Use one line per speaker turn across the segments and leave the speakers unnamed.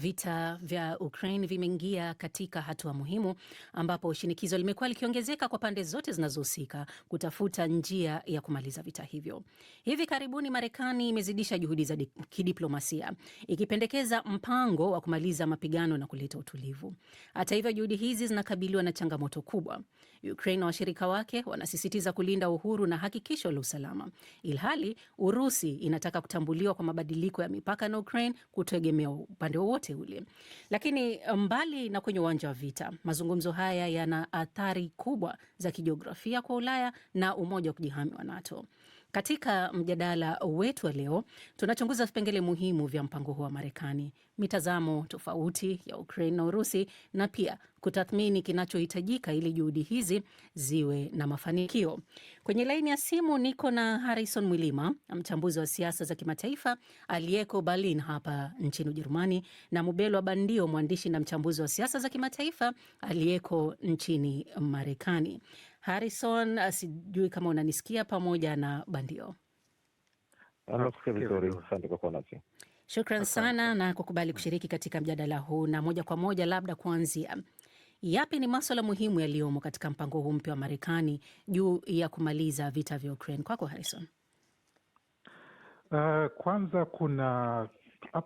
Vita vya Ukraine vimeingia katika hatua muhimu ambapo shinikizo limekuwa likiongezeka kwa pande zote zinazohusika kutafuta njia ya kumaliza vita hivyo. Hivi karibuni, Marekani imezidisha juhudi za kidiplomasia ikipendekeza mpango wa kumaliza mapigano na kuleta utulivu. Hata hivyo, juhudi hizi zinakabiliwa na changamoto kubwa. Ukraine na washirika wake wanasisitiza kulinda uhuru na hakikisho la usalama, ilhali Urusi inataka kutambuliwa kwa mabadiliko ya mipaka na Ukraine kutegemea upande wowote mteule. Lakini eh, mbali na kwenye uwanja wa vita, mazungumzo haya yana athari kubwa za kijiografia kwa Ulaya na umoja wa kujihami wa NATO. Katika mjadala wetu wa leo tunachunguza vipengele muhimu vya mpango huo wa Marekani, mitazamo tofauti ya Ukraine na Urusi, na pia kutathmini kinachohitajika ili juhudi hizi ziwe na mafanikio. Kwenye laini ya simu niko na Harrison Mwilima, mchambuzi wa siasa za kimataifa aliyeko Berlin hapa nchini Ujerumani, na Mubelwa Bandio, mwandishi na mchambuzi wa siasa za kimataifa aliyeko nchini Marekani. Harrison, uh, sijui kama unanisikia, pamoja na Bandio. Shukran sana na kukubali kushiriki katika mjadala huu, na moja kwa moja labda kuanzia yapi ni maswala muhimu yaliyomo katika mpango huu mpya wa Marekani juu ya kumaliza vita vya Ukraine? Kwako Harrison.
Uh, kwanza kuna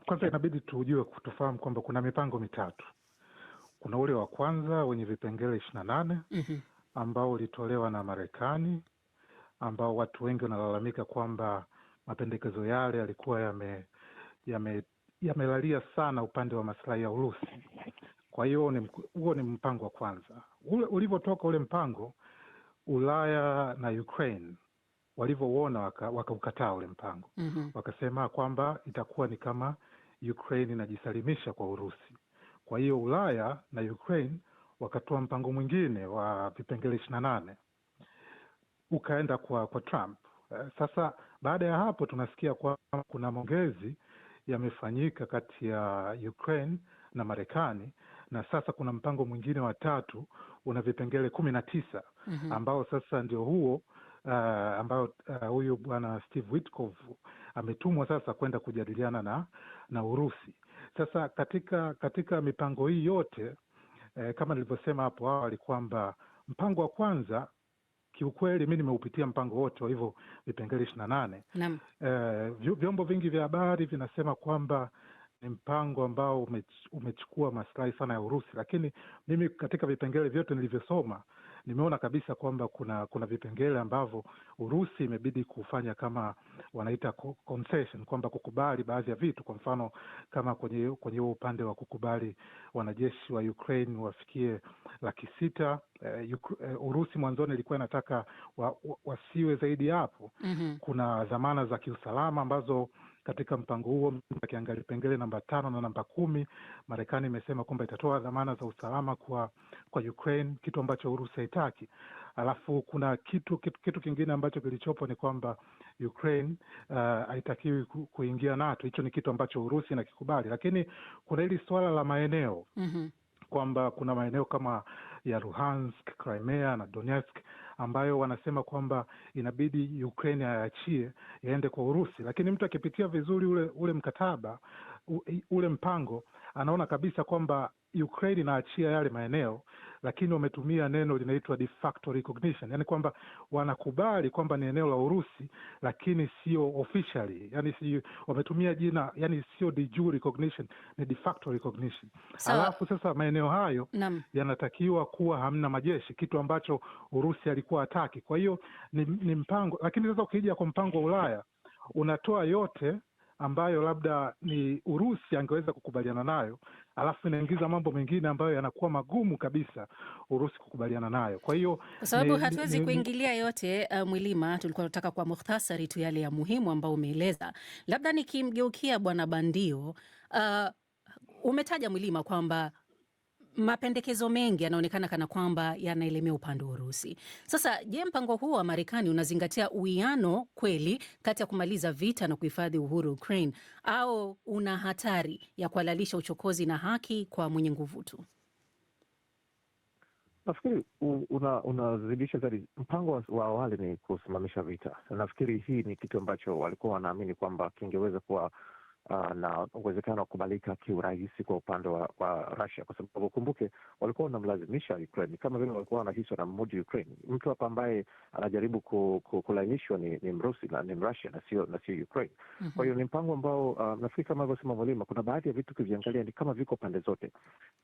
kwanza inabidi tujue tufahamu kwamba kuna mipango mitatu. Kuna ule wa kwanza wenye vipengele ishirini na nane mm -hmm ambao ulitolewa na Marekani ambao watu wengi wanalalamika kwamba mapendekezo yale yalikuwa yame yame yamelalia sana upande wa maslahi ya Urusi. Kwa hiyo huo ni mpango wa kwanza. Ule ulivyotoka ule mpango, Ulaya na Ukraine walivyouona wakaukataa waka ule mpango mm -hmm. Wakasema kwamba itakuwa ni kama Ukraine inajisalimisha kwa Urusi. Kwa hiyo Ulaya na Ukraine wakatoa mpango mwingine wa vipengele ishirini na nane ukaenda kwa kwa Trump. Eh, sasa baada ya hapo tunasikia kwamba kuna maongezi yamefanyika kati ya Ukraine na Marekani, na sasa kuna mpango mwingine wa tatu una vipengele kumi na tisa mm -hmm. ambao sasa ndio huo uh, ambao eh, huyu uh, bwana Steve Witkoff ametumwa sasa kwenda kujadiliana na na Urusi. Sasa katika katika mipango hii yote eh, kama nilivyosema hapo awali kwamba mpango wa kwanza kiukweli mi nimeupitia mpango wote wa hivyo vipengele ishiri na nane. Eh, vyombo vingi vya habari vinasema kwamba ni mpango ambao umechukua masilahi sana ya Urusi, lakini mimi katika vipengele vyote nilivyosoma nimeona kabisa kwamba kuna kuna vipengele ambavyo Urusi imebidi kufanya kama wanaita concession, kwamba kukubali baadhi ya vitu. Kwa mfano kama kwenye kwenye huo upande wa kukubali wanajeshi wa Ukraine wafikie laki sita. Uh, Urusi mwanzoni ilikuwa inataka wa, wa, wasiwe zaidi hapo. mm -hmm. Kuna dhamana za kiusalama ambazo katika mpango huo akiangalia vipengele namba tano na namba kumi, Marekani imesema kwamba itatoa dhamana za usalama kwa kwa Ukraine, kitu ambacho Urusi haitaki. Alafu kuna kitu, kitu kitu kingine ambacho kilichopo ni kwamba Ukraine uh, haitakiwi uh, kuingia NATO. Hicho ni kitu ambacho Urusi inakikubali, lakini kuna hili suala la maeneo mm -hmm kwamba kuna maeneo kama ya Luhansk, Crimea na Donetsk ambayo wanasema kwamba inabidi Ukraine ayaachie yaende kwa Urusi, lakini mtu akipitia vizuri ule ule mkataba ule mpango anaona kabisa kwamba Ukraine inaachia yale maeneo, lakini wametumia neno linaitwa de facto recognition, yani kwamba wanakubali kwamba ni eneo la Urusi, lakini sio officially, yani si wametumia jina, yani sio de jure recognition, ni de facto recognition. So, alafu sasa maeneo hayo yanatakiwa kuwa hamna majeshi, kitu ambacho Urusi alikuwa hataki. Kwa hiyo ni, ni mpango, lakini sasa ukija kwa mpango wa Ulaya unatoa yote ambayo labda ni Urusi angeweza kukubaliana nayo, alafu inaingiza mambo mengine ambayo yanakuwa magumu kabisa Urusi kukubaliana nayo. Kwa
hiyo kwa sababu hatuwezi kuingilia yote uh, Mwilima, tulikuwa tunataka kwa muhtasari tu yale ya muhimu ambayo umeeleza. Labda nikimgeukia Bwana Bandio, uh, umetaja Mwilima kwamba mapendekezo mengi yanaonekana kana kwamba yanaelemea upande wa Urusi. Sasa je, mpango huo wa Marekani unazingatia uwiano kweli kati ya kumaliza vita na kuhifadhi uhuru Ukraine, au una hatari ya kuhalalisha uchokozi na haki kwa mwenye nguvu tu?
Nafikiri unazidisha una zaidi. Mpango wa awali ni kusimamisha vita. Nafikiri hii ni kitu ambacho walikuwa wanaamini kwamba kingeweza kuwa uh, na uwezekano wa kukubalika kiurahisi kwa upande wa, wa Russia kwa sababu ukumbuke walikuwa wanamlazimisha Ukraine kama vile walikuwa wanahisi wanammudu Ukraine. Mtu hapa ambaye anajaribu ku, ku, kulainishwa ni, ni Mrusi na ni Mrusia na sio na sio Ukraine. mm -hmm. Kwa hiyo ni mpango ambao uh, nafikiri kama alivyosema Mwalima, kuna baadhi ya vitu ukiviangalia ni kama viko pande zote.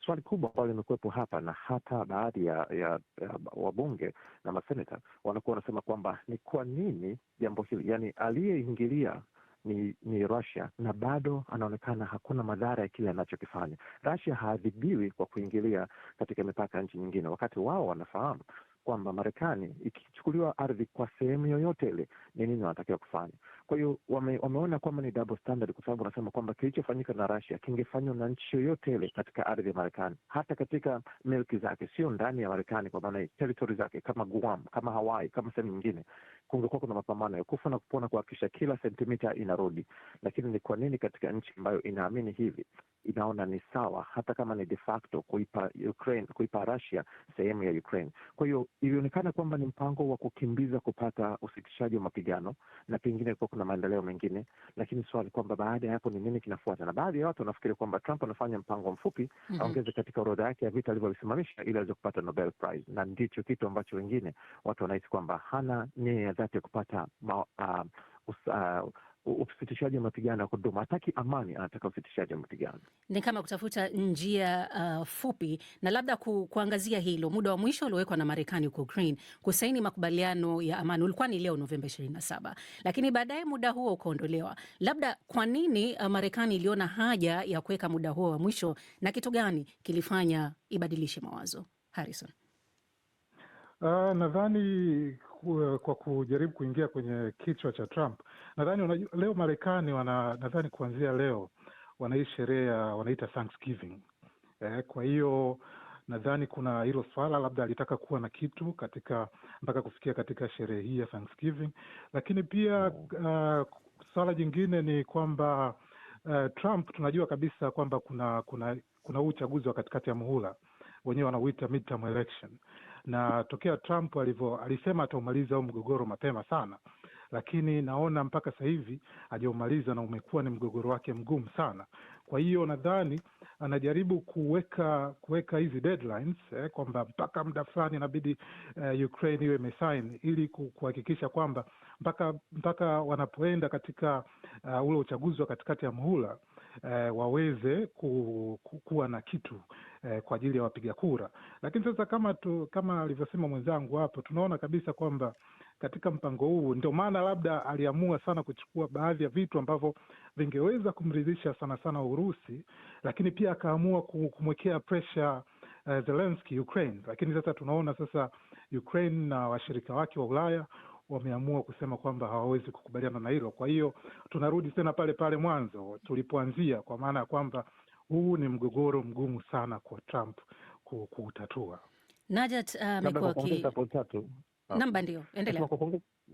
Swali kubwa ambalo limekuwepo hapa na hata baadhi ya, ya, ya wabunge na maseneta wanakuwa wanasema kwamba ni kwa nini jambo hili, yani aliyeingilia ni, ni Russia na bado anaonekana hakuna madhara ya kile anachokifanya. Russia haadhibiwi kwa kuingilia katika mipaka ya nchi nyingine, wakati wao wanafahamu kwamba Marekani ikichukuliwa ardhi kwa sehemu yoyote ile, ni nini wanatakiwa kufanya. Kwa hiyo wame, wameona kwamba ni double standard, kwa sababu wanasema kwamba kilichofanyika na Russia kingefanywa na nchi yoyote ile katika ardhi ya Marekani, hata katika milki zake, sio ndani ya Marekani, kwa maana territory zake kama Guam, kama Hawaii, kama sehemu nyingine, kungekuwa kuna mapambano ya kufa na kupona kuhakikisha kila sentimita inarudi. Lakini ni kwa nini katika nchi ambayo inaamini hivi inaona ni sawa, hata kama ni de facto kuipa Ukraine, kuipa Russia sehemu ya Ukraine? Kwa hiyo ilionekana kwamba ni mpango wa kukimbiza kupata usitishaji wa mapigano, na pengine kuwa kuna maendeleo mengine, lakini swali kwamba baada ya hapo ni nini kinafuata, na baadhi ya watu wanafikiri kwamba Trump anafanya mpango mfupi mm -hmm. aongeze katika orodha yake ya vita alivyovisimamisha ili aweze kupata Nobel Prize, na ndicho kitu ambacho wengine watu wanahisi kwamba hana nia ya dhati ya kupata ma, uh, uh, usitishaji wa mapigano yako kudumu. Hataki amani, anataka usitishaji wa mapigano.
Ni kama kutafuta njia uh, fupi. Na labda ku, kuangazia hilo, muda wa mwisho uliowekwa na Marekani huko Ukraine kusaini makubaliano ya amani ulikuwa ni leo Novemba 27, lakini baadaye muda huo ukaondolewa. Labda kwa nini uh, Marekani iliona haja ya kuweka muda huo wa mwisho na kitu gani kilifanya ibadilishe mawazo? Harrison.
Uh, nadhani kwa kujaribu kuingia kwenye kichwa cha Trump. Nadhani leo Marekani wana nadhani kuanzia leo wanai sherehe ya wanaita Thanksgiving. Eh, kwa hiyo nadhani kuna hilo swala, labda alitaka kuwa na kitu katika mpaka kufikia katika sherehe hii ya Thanksgiving, lakini pia uh, swala jingine ni kwamba uh, Trump tunajua kabisa kwamba kuna kuna kuna huu uchaguzi wa katikati ya muhula wenyewe wanauita midterm election na tokea Trump alivyo alisema ataumaliza huu mgogoro mapema sana, lakini naona mpaka sasa hivi hajaumaliza na umekuwa ni mgogoro wake mgumu sana. Kwa hiyo nadhani anajaribu kuweka kuweka hizi deadlines eh, kwamba mpaka muda fulani inabidi eh, Ukraine iwe imesain ili kuhakikisha kwamba mpaka mpaka wanapoenda katika uh, ule uchaguzi wa katikati ya muhula eh, waweze ku, ku, kuwa na kitu eh, kwa ajili ya wapiga kura. Lakini sasa kama tu, kama alivyosema mwenzangu hapo, tunaona kabisa kwamba katika mpango huu ndio maana labda aliamua sana kuchukua baadhi ya vitu ambavyo vingeweza kumridhisha sana sana Urusi, lakini pia akaamua kumwekea presha eh, Zelenski Ukraine. Lakini sasa tunaona sasa Ukraine na washirika wake wa Ulaya wameamua kusema kwamba hawawezi kukubaliana na hilo. Kwa hiyo tunarudi tena pale pale mwanzo tulipoanzia, kwa maana ya kwamba huu ni mgogoro mgumu sana kwa Trump kuutatua.
Najat uh,
amekuwa uh, ki...
namba ah, ndio, endelea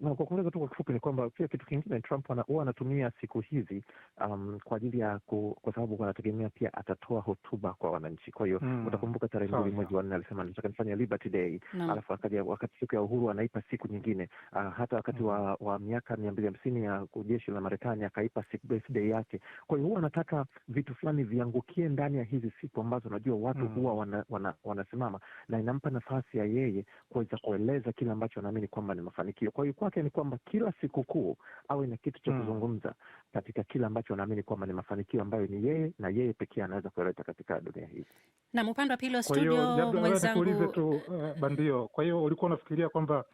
na kwa kuongeza tu kwa kifupi ni kwamba pia kitu kingine Trump huwa anatumia siku hizi um, kwa ajili ya ku, kwa sababu anategemea pia atatoa hotuba kwa wananchi. Kwa hiyo mm. utakumbuka tarehe mbili mwezi wa nne alisema nataka nifanya Liberty Day no. alafu akaja wakati siku ya uhuru anaipa siku nyingine uh, hata wakati mm. wa, wa miaka mia mbili hamsini ya jeshi la Marekani akaipa birthday yake. Kwa hiyo huwa anataka vitu fulani viangukie ndani ya hizi siku ambazo unajua watu mm. huwa wanasimama wana, wana na inampa nafasi ya yeye kuweza kueleza kile ambacho anaamini kwamba ni mafanikio kwa hiyo kwake ni kwamba kila sikukuu awe na kitu cha hmm. kuzungumza katika kile ambacho anaamini kwamba ni mafanikio ambayo ni yeye na yeye pekee anaweza kuyaleta katika dunia hii.
Nam upande wa pili wa studio mwenzangu
tu uh, bandio. Kwa hiyo ulikuwa unafikiria kwamba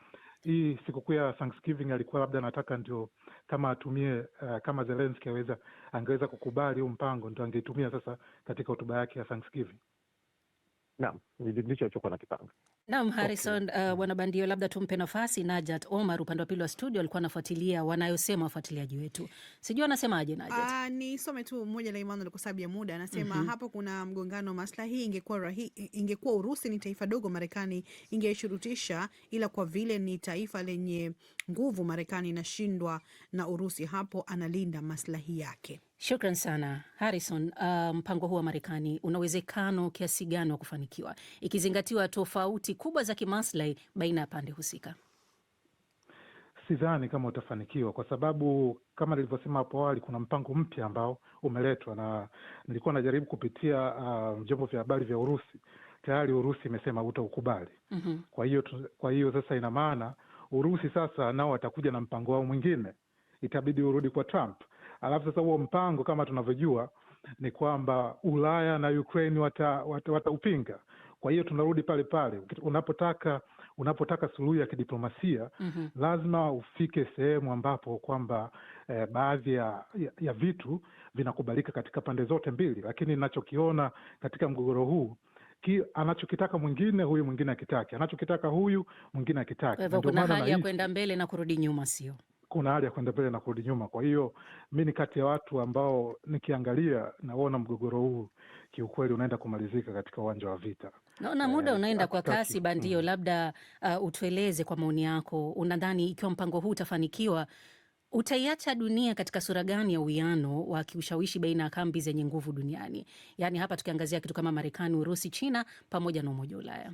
hii sikukuu ya Thanksgiving alikuwa labda anataka ndio kama atumie uh, kama zelenski aweza angeweza kukubali huu mpango ndio angeitumia sasa katika hotuba yake ya Thanksgiving.
Naam, ndicho alichokuwa na kipanga.
Naam, Harrison, okay. Uh, bwana mm. Bandio, labda tumpe nafasi Najat Omar upande wa pili wa studio, alikuwa anafuatilia wanayosema wafuatiliaji wetu, sijui anasemaje Najat.
Uh, ah, some tu mmoja la Emmanuel kwa sababu ya muda, anasema mm -hmm. Hapo kuna mgongano wa maslahi. Ingekuwa rahi, ingekuwa Urusi ni taifa dogo, Marekani ingeshurutisha, ila kwa vile ni taifa lenye nguvu Marekani inashindwa na Urusi hapo analinda maslahi yake.
Shukran sana Harrison. Uh, mpango um, huu wa Marekani una uwezekano kiasi gani wa kufanikiwa ikizingatiwa tofauti kubwa za kimaslahi baina ya pande husika?
Sidhani kama utafanikiwa kwa sababu kama nilivyosema hapo awali, kuna mpango mpya ambao umeletwa, na nilikuwa najaribu kupitia uh, vyombo vya habari vya Urusi. Tayari Urusi imesema hutaukubali. mm -hmm. Kwa hiyo kwa hiyo sasa ina maana Urusi sasa nao watakuja na mpango wao mwingine, itabidi urudi kwa Trump. Alafu sasa huo mpango kama tunavyojua ni kwamba Ulaya na Ukraine wataupinga wata, wata kwa hiyo tunarudi pale pale, unapotaka unapotaka suluhu ya kidiplomasia mm -hmm. lazima ufike sehemu ambapo kwamba eh, baadhi ya, ya, ya vitu vinakubalika katika pande zote mbili, lakini ninachokiona katika mgogoro huu ki, anachokitaka mwingine huyu mwingine akitaki, anachokitaka huyu mwingine akitaki. Kwa
hivyo kuna hali ya kwenda mbele na kurudi nyuma, sio?
Kuna hali ya kwenda mbele na kurudi nyuma. Kwa hiyo mi ni kati ya watu ambao nikiangalia naona mgogoro huu kiukweli unaenda kumalizika katika uwanja wa vita.
Naona muda eh, unaenda kwa kasi bandio. Mm, labda uh, utueleze kwa maoni yako, unadhani ikiwa mpango huu utafanikiwa utaiacha dunia katika sura gani ya uwiano wa kiushawishi baina ya kambi zenye nguvu duniani, yaani hapa tukiangazia kitu kama Marekani, Urusi, China pamoja na Umoja wa Ulaya?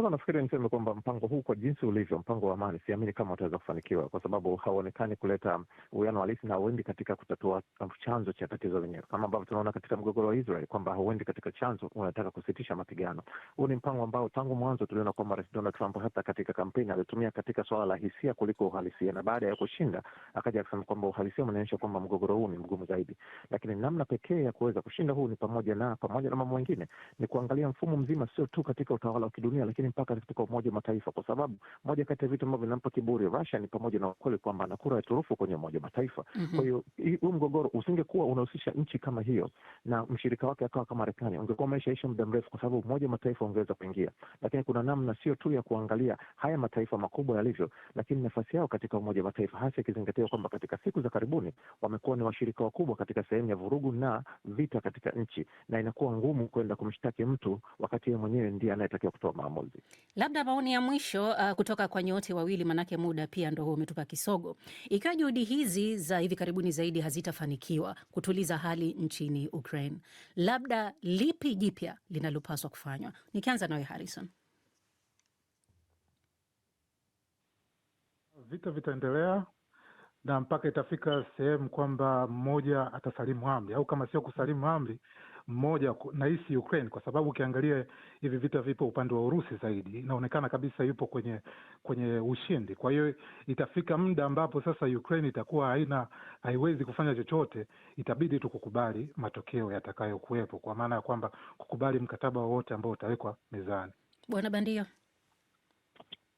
Sasa nafikiri niseme kwamba mpango huu kwa jinsi ulivyo, mpango wa amani, siamini kama utaweza kufanikiwa, kwa sababu hauonekani kuleta uwiano halisi na hauendi katika kutatua chanzo cha tatizo lenyewe, kama ambavyo tunaona katika mgogoro wa Israel kwamba hauendi katika chanzo, unataka kusitisha mapigano. Huu ni mpango ambao tangu mwanzo tuliona kwamba Rais Donald Trump hata katika kampeni alitumia katika swala la hisia kuliko uhalisia, na baada ya kushinda akaja akasema kwamba uhalisia unaonyesha kwamba mgogoro huu ni mgumu zaidi, lakini namna pekee ya kuweza kushinda huu ni pamoja na pamoja na mambo mengine ni kuangalia mfumo mzima, sio tu katika utawala wa kidunia, lakini mpaka katika Umoja wa Mataifa, kwa sababu moja kati ya vitu ambavyo vinampa kiburi Russia ni pamoja na ukweli kwamba ana kura ya turufu kwenye Umoja wa Mataifa. mm -hmm. Kwa hiyo huu mgogoro usingekuwa unahusisha nchi kama hiyo na mshirika wake akawa kama Marekani, ungekuwa umeshaisha muda mrefu, kwa sababu Umoja wa Mataifa ungeweza kuingia. Lakini kuna namna sio tu ya kuangalia haya mataifa makubwa yalivyo, lakini nafasi yao katika Umoja wa Mataifa, hasa ikizingatiwa kwamba katika siku za karibuni wamekuwa ni washirika wakubwa katika sehemu ya vurugu na vita katika nchi, na inakuwa ngumu kwenda kumshtaki mtu wakati yeye mwenyewe ndiye anayetakiwa kutoa maamuzi.
Labda maoni ya mwisho uh, kutoka kwa nyote wawili, manake muda pia ndo huo umetupa kisogo. Ikiwa juhudi hizi za hivi karibuni zaidi hazitafanikiwa kutuliza hali nchini Ukraine, labda lipi jipya linalopaswa kufanywa? Nikianza nawe Harrison.
Vita vitaendelea na mpaka itafika sehemu kwamba mmoja atasalimu amri, au kama sio kusalimu amri mmoja nahisi Ukraine, kwa sababu ukiangalia hivi vita vipo upande wa Urusi zaidi, inaonekana kabisa yupo kwenye kwenye ushindi. Kwa hiyo itafika muda ambapo sasa Ukraine itakuwa haina haiwezi kufanya chochote, itabidi tu kukubali matokeo yatakayokuwepo, kwa maana ya kwamba kukubali mkataba wowote ambao utawekwa mezani.
Bwana Bandio.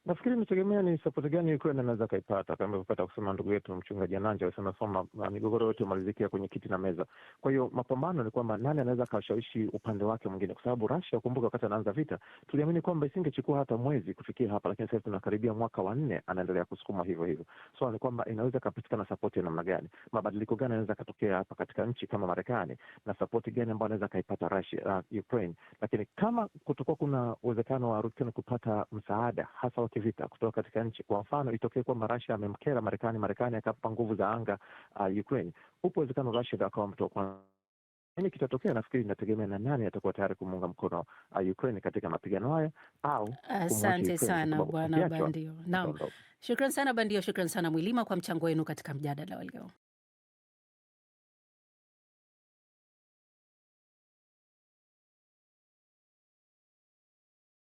Nafikiri inategemea ni sapoti gani Ukraine anaweza akaipata, kama ilivyopata kusema ndugu yetu mchungaji Ananja alisema soma uh, migogoro yote umalizikia kwenye kiti na meza. Kwa hiyo mapambano ni kwamba nani anaweza akashawishi upande wake mwingine, kwa sababu Russia, kumbuka, wakati anaanza vita tuliamini kwamba isingechukua hata mwezi kufikia hapa, lakini sasa tunakaribia mwaka wa nne, anaendelea kusukuma hivyo hivyo. Swala so, ni kwamba inaweza ikapatikana sapoti ya namna gani, mabadiliko gani anaweza akatokea hapa katika nchi kama Marekani na sapoti gani ambayo anaweza akaipata Russia, uh, Ukraine. Lakini kama kutokuwa kuna uwezekano wa Ukraine kupata msaada hasa kivita kutoka katika nchi. Kwa mfano, itokee kwamba rasia amemkera Marekani, Marekani akampa nguvu za anga uh, Ukraine, upo uwezekano Rasia akawa mtu wa kwanza nini kitatokea? Nafikiri inategemea na nani atakuwa tayari kumuunga mkono uh, Ukraine katika mapigano haya au.
Asante sana bwana Bandio. Naam, shukran sana Bandio, shukran sana Mwilima kwa mchango wenu katika mjadala wa leo.